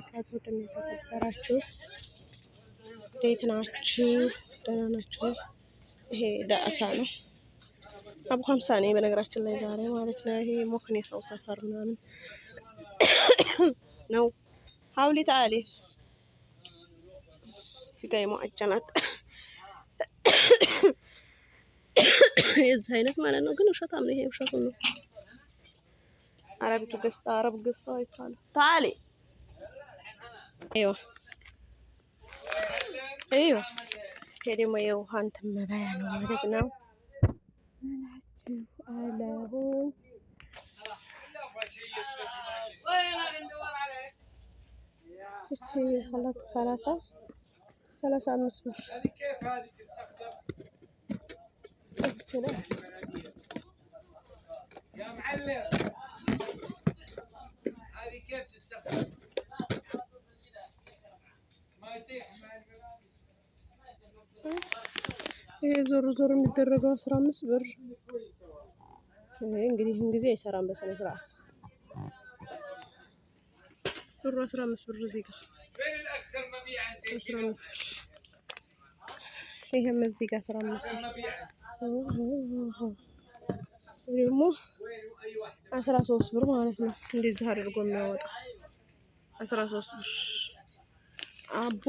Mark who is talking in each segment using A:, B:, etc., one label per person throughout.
A: ተመልካቾች ውድና የተከበራችሁ እንዴት ናችሁ? ደህና ናችሁ? ይሄ ዳእሳ ነው። አቡ ሀምሳ ነው በነገራችን ላይ ዛሬ ማለት ነው። ይሄ ሞክኔ ሰው ሰፈር ምናምን ነው። ሀውሊ ታአሊ ሲጋይ የሟአጀናት የዚህ አይነት ማለት ነው። ግን ውሸታም ነው። ይሄ ውሸቱ ነው። አረቢቱ ገዝታ አረብ ገዝታ አይቻልም ታአሊ ايوه ايوه كريمة يا وهان تم بيان ومرقنا نلعب على هون هادشي خلط ثلاثة ثلاثة كيف هذه تستخدم؟ يا معلم هذه كيف تستخدم؟ ይሄ ዞሮ ዞሮ የሚደረገው አስራ አምስት ብር እንግዲህ ይህን ጊዜ አይሰራም በስነ ስርዓት ብሩ አስራ አምስት ብር እዚህ ጋር አስራ አምስት ብር ይሄም እዚህ ጋር አስራ አምስት ብር ደግሞ አስራ ሶስት ብር ማለት ነው። እንደዚህ አድርጎ የሚያወጣ አስራ ሶስት ብር አቦ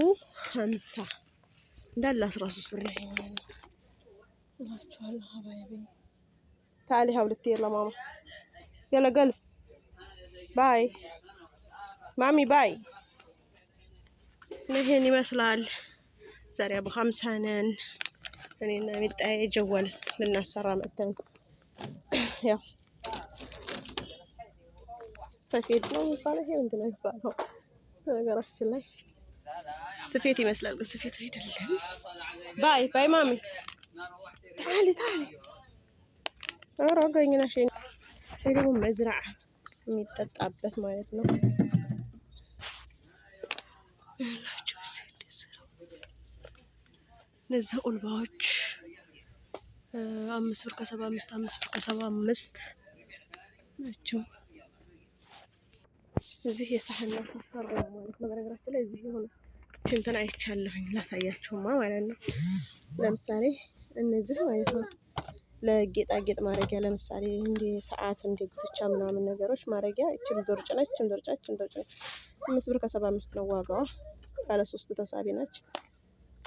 A: ሀምሳ እንዳለ አስራ ሶስት ብር ነው። الله تعالي هاولتي يلا ماما يلا قلب باي مامي باي نهيني مسلال زاري ابو خمس هنان يعني انا مت اي جوال للناس سرا مقتن يا سفيت ما مصالح عندنا يبالو انا قرفت الله سفيتي مسلال سفيتي هيدا باي باي مامي تعالي تعالي ሮገኝና ይሄ ደግሞ መዝራዕ የሚጠጣበት ማለት ነው። እነዚህ ኡልባዎች አምስት ብር ከሰባ አምስት አምስት ብር ከሰባ አምስት ናቸው። እዚህ የሳህና ሰፈር ነው ማለት ነው። በነገራችን ላይ እዚህ የሆነ እንትን አይቻለሁኝ ላሳያችሁማ ማለት ነው። ለምሳሌ እነዚህ ማለት ነው። ለጌጣጌጥ ማድረጊያ ለምሳሌ እንደ ሰዓት እንደ ጉትቻ ምናምን ነገሮች ማድረጊያ እችም ዶርጭ ነች። እችም ዶርጭ ነች። እችም ዶርጭ ነች። አምስት ብር ከሰባ አምስት ነው ዋጋዋ። ባለ ሶስት ተሳቢ ነች።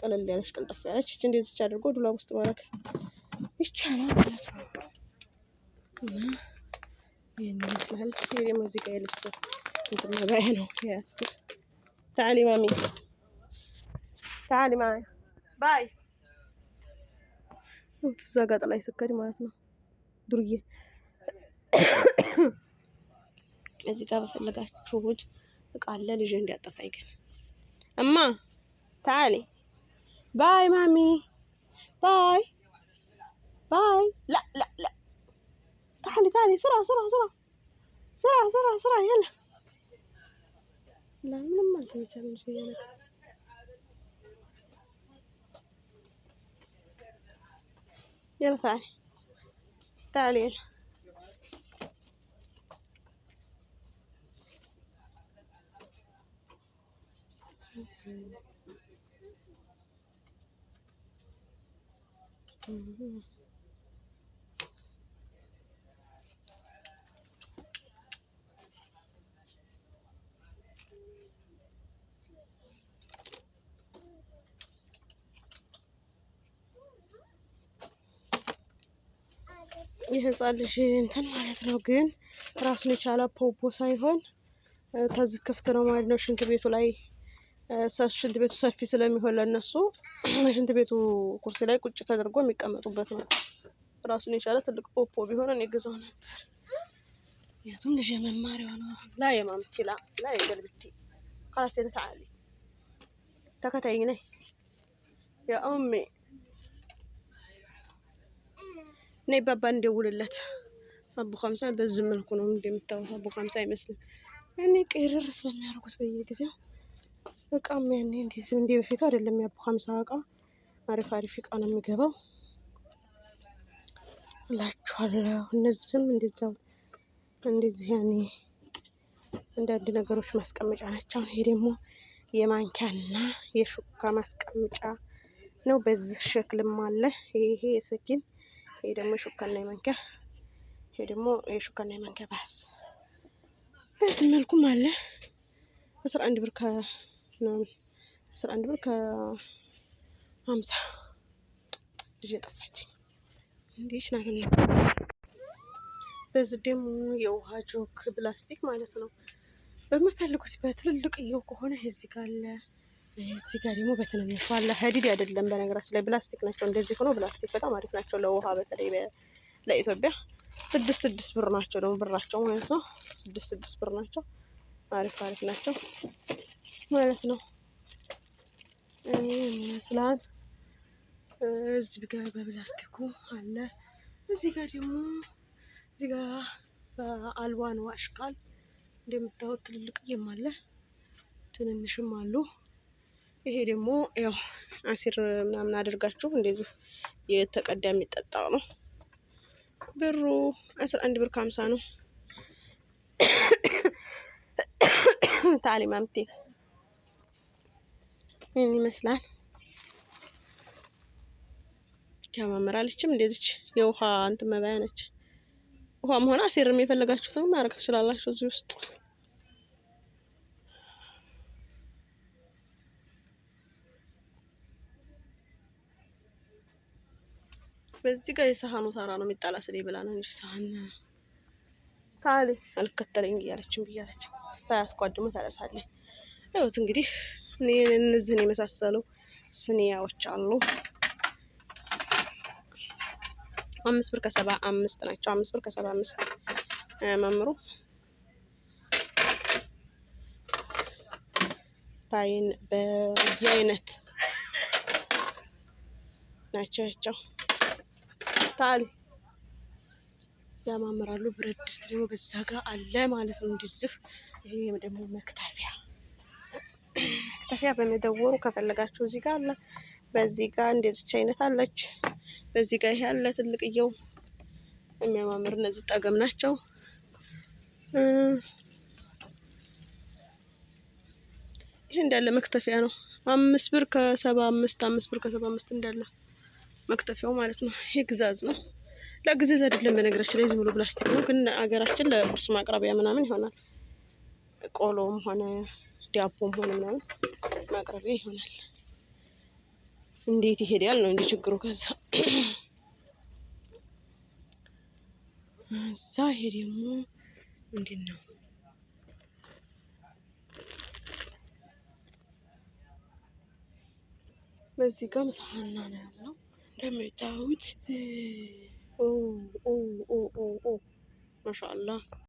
A: ቅልል ያለች ቅልጥፍ ያለች እች እንደዚች አድርጎ ዱላ ውስጥ ማድረግ ይቻላል ማለት ነው። እና ይህን ይመስላል። ይህ ደግሞ እዚህ ጋር የልብስ እንትን መባያ ነው የያዝኩት። ታሊማሚ ታሊማ ባይ እዛ ጋር ጥላይ ስከድ ማለት ነው። ዱርዬ እዚህ ጋር በፈለጋችሁት እቃ አለ። ልጅ እንዲያጠፋኝ ግን እማ ታሊ ባይ ማሚ ባይ ባይ ላ ላ ላ تعالي تعالي سرعة سرعة سرعة سرعة سرعة سرعة يلا لا من ما التمشى من شيء أنا Yelpää. Täällä. Mm-hmm. የህፃን ልጅ እንትን ማለት ነው። ግን ራሱን የቻለ ፖፖ ሳይሆን ከዚህ ክፍት ነው ማለት ነው። ሽንት ቤቱ ላይ ሽንት ቤቱ ሰፊ ስለሚሆን ለእነሱ ሽንት ቤቱ ኩርሲ ላይ ቁጭ ተደርጎ የሚቀመጡበት ነው። ራሱን የቻለ ትልቅ ፖፖ ቢሆን እኔ ገዛው ነበር። ምክንያቱም ልጅ የመማሪያ ነው ላ የማምቲ ላ ላ የገልብቲ ካላስ የተተዓሊ ተከታይኝ ነይ ያ እና ይባባ እንደውልለት አቡ ሀምሳ በዚህ መልኩ ነው እንደምታዩት። አቡ ሀምሳ አይመስልም ያኔ ቅርር ስለሚያደርጉት በየጊዜው እቃም ያኔ እንዲህ እንዲ በፊቱ አይደለም። የአቡ ሀምሳ እቃ አሪፍ አሪፍ እቃ ነው የሚገባው እላችኋለሁ። እነዚህም እንደዛው እንደዚህ ያኔ አንዳንድ ነገሮች ማስቀመጫ ናቸው። ይሄ ደግሞ የማንኪያና የሹካ ማስቀመጫ ነው። በዚህ ሸክልም አለ። ይሄ የሰኪን ይሄ ደግሞ የሹካና የማንኪያ ይሄ ደግሞ የሹካና የማንኪያ ባስ በዚህ መልኩም አለ። አስራ አንድ ብር አስራ አንድ ብር ከሀምሳ ልጅ የጠፋችኝ እንዲች ናትና በዚህ ደግሞ የውሃ ጆክ ፕላስቲክ ማለት ነው። በምፈልጉት በትልልቅየው ከሆነ እዚህ ጋር አለ። እዚህ ጋር ደግሞ በትንንሹ አለ። ሀዲድ አይደለም በነገራችን ላይ ፕላስቲክ ናቸው። እንደዚህ ሆኖ ፕላስቲክ በጣም አሪፍ ናቸው ለውሃ በተለይ ለኢትዮጵያ ስድስት ስድስት ብር ናቸው። ደግሞ ብራቸው ማለት ነው ስድስት ስድስት ብር ናቸው። አሪፍ አሪፍ ናቸው ማለት ነው። ይመስላል እዚህ ጋር በፕላስቲኩ አለ። እዚህ ጋር ደግሞ እዚህ ጋር በአልዋን ዋሽቃል እንደምታዩት ትልልቅዬም አለ ትንንሽም አሉ። ይሄ ደግሞ ያው አሲር ምናምን አድርጋችሁ እንደዚሁ የተቀዳ የሚጠጣ ነው። ብሩ አስራ አንድ ብር ከሀምሳ ነው። ታሊ ማምቴ ይህን ይመስላል። ያማምራለችም እንደዚች የውሃ እንትን መባያ ነች። ውሃም ሆነ አሲርም የፈለጋችሁትን ማድረግ ትችላላችሁ እዚህ ውስጥ በዚህ ጋር የሰሃኑ ሳራ ነው የሚጣላ ስለ ብላ ነው እንጂ ሰሃን ታለ አልከተለኝ እያለችም ብያለች። ስታያስቋድሙ ታለሳለች። ይኸውት እንግዲህ እነዚህን የመሳሰሉ ስኒያዎች አሉ። አምስት ብር ከሰባ አምስት ናቸው። አምስት ብር ከሰባ አምስት መምሩ በየአይነት ናቸው ያቸው ይጣፍጣል። ያማምራሉ። ብረት ድስት ደግሞ በዛ ጋር አለ ማለት ነው። እንዲዝፍ ይሄ ደግሞ መክተፊያ መክተፊያ በመደወሩ ከፈለጋችሁ እዚህ ጋር አለ። በዚህ ጋር እንደዚች አይነት አለች። በዚህ ጋር ይሄ አለ ትልቅየው የሚያማምር እነዚህ ጠገም ናቸው። ይሄ እንዳለ መክተፊያ ነው። አምስት ብር ከሰባ አምስት አምስት ብር ከሰባ አምስት እንዳለ መክተፊያው ማለት ነው። ይሄ ግዛዝ ነው። ለግዛዝ አይደለም በነገራችን ላይ ዝም ብሎ ፕላስቲክ ነው፣ ግን አገራችን ለቁርስ ማቅረቢያ ምናምን ይሆናል። ቆሎም ሆነ ዳቦም ሆነ ምናምን ማቅረቢያ ይሆናል። እንዴት ይሄዳል ነው እንጂ ችግሩ። ከዛ እዛ ይሄ ደግሞ ምንድን ነው? በዚህ ጋር ሳህና ነው ያለው رمي الداوود اوه اوه اوه اوه اوه ما شاء الله